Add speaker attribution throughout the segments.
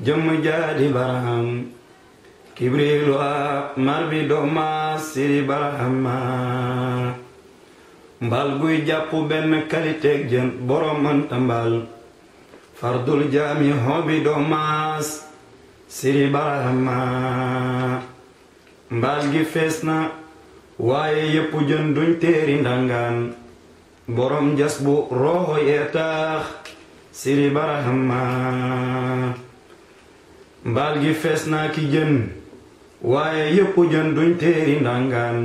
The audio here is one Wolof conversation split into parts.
Speaker 1: jëmm jaadi baraham kibrilu mar bi dooma siri barahama mbal guy jàpp benn kaliteeg jën borom mënta mbal fardul jaami hobi doomaas siri barahama mbal gi fees na waaye yépp jën duñ teeri ndangaan borom jas bu roxo yee taax siri barahama mbaal gi fees naa ki jën waaye yëpp jën duñ téeri ndàngaan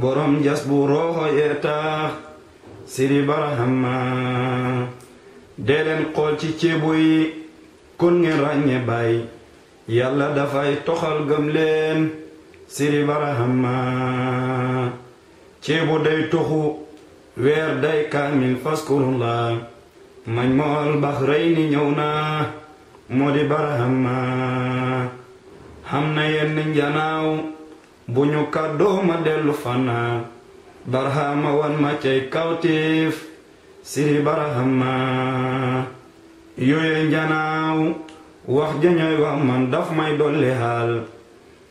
Speaker 1: borom jas bu rooxo yee taax siri barahama dee xool ci ceebu yi kon ngeen ràññe bàyyi yàlla dafay toxal gëm leen siri barahama ceebu day toxu weer day kaamil faskurullah mañ mool bax rëy ni ñëw naa moo di barahama xam na yenn njanaaw bu ñu kàddoo dellu fana barahama wan ma cay kawtiif siri barahama yooye njanaaw wax jañoy wax man daf may dolli xaal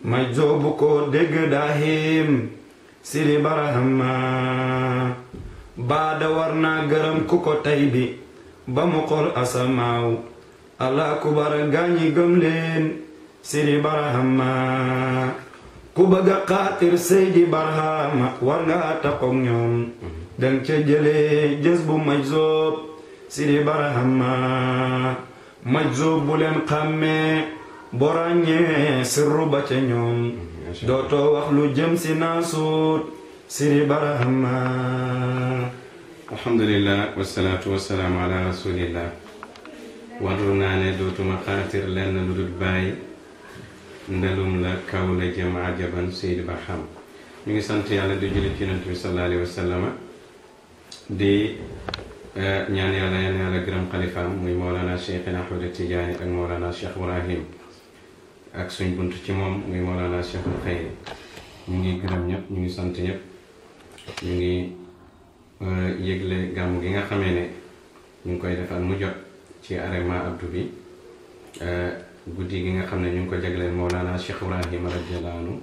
Speaker 1: may joobu ko dégg daahim siri barahama baada war naa gërëm ku ko tey bi ba mu xool asamaaw allah kubar gaañi gëm leen sidi barahama ku bëgg a xaatir seydi barahama war nga taqoog ñoom dang ca jëlee jës bu majzoob sidi barahama majzoob bu leen xàmmee boo ràññee ba ca ñoom dootoo wax lu jëm si naasuut sidi barahama
Speaker 2: alhamdulillah wasalaatu wasalaamu ala rasulillah watu naa ne dootuma xaatir lenn lu dul bàyyi ndalum la kaw la jëm ajaban seyd ba ñu ngi sant yàlla di julli ci yonent bi sallallahu alayhi wa di eh, ñaan yàlla yal yàlla gërëm xalifaam muy Mawlana Cheikhina Ahmada Tijaani ak Mawlana Cheikh Ibrahim ak suñ bunt ci moom muy Mawlana Cheikhul Xayri ñu ngi gërëm ñëpp ñu ngi sant ñëpp ñu ngi eh, yëgle gàmm gi nga xamee ne ñu ngi koy defal mu jot ci Harema Abdou bi euh, guddi gi nga xam ne ñu ngi ko jagleel Mawlana Cheikh Ibrahima radiyallahu anhu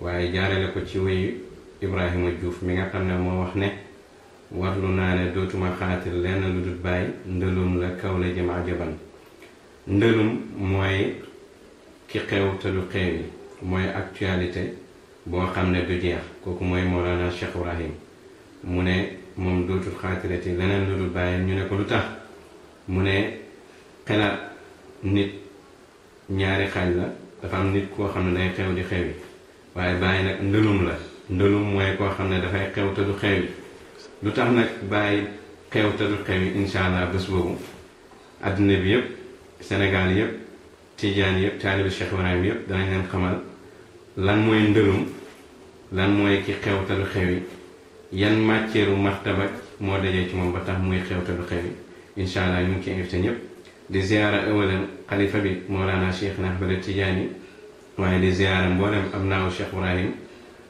Speaker 2: waaye jaarale ko ci wéyu Ibrahima Diouf mi nga xam ne moo wax ne warlu naa ne dootuma xaatir lenn lu dul bàyyi ndëlum la kaw la jëm actualité boo xam ne du jeex kooku mooy mu ne moom dootul xaatirati leneen lu dul bàyyi ñu ne ko lu tax mu ne xelaat nit ñaari xaaj la dafa am nit koo xam ne day xew di xew yi waaye bàyyi nag ndëlum la ndëlum mooy koo xam ne dafay xew te du xew yi lu tax nag bàyyi xew te du xew yi incha allah bés boobu àddina bi yëpp senegal yëpp Tijaan yëpp taalibu Cheikh Ibrahim yëpp danañ leen xamal lan mooy ndëlum lan mooy ki xew te du xew yi yan màcceeru martaba moo dajee ci moom ba tax muy xew te xew yi incha allah ñu ngi ciy invité ñëpp di ziara ëwalan xalifa bi Mawlana Cheikh na Ahmada Tidiane waaye di ziara mboolem am naaw Cheikh Ibrahim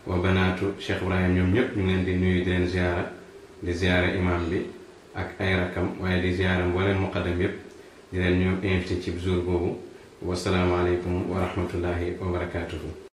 Speaker 2: wa banaatu Cheikh Ibrahim ñoom ñëpp ñu ngi leen di nuyu di leen ziara di ziara imam bi ak ay rakam waaye di ziara mboolem muqaddam yëpp di leen ñu invité ci jour boobu wasalaamualeykum wa rahmatullahi wa barakaatuhu.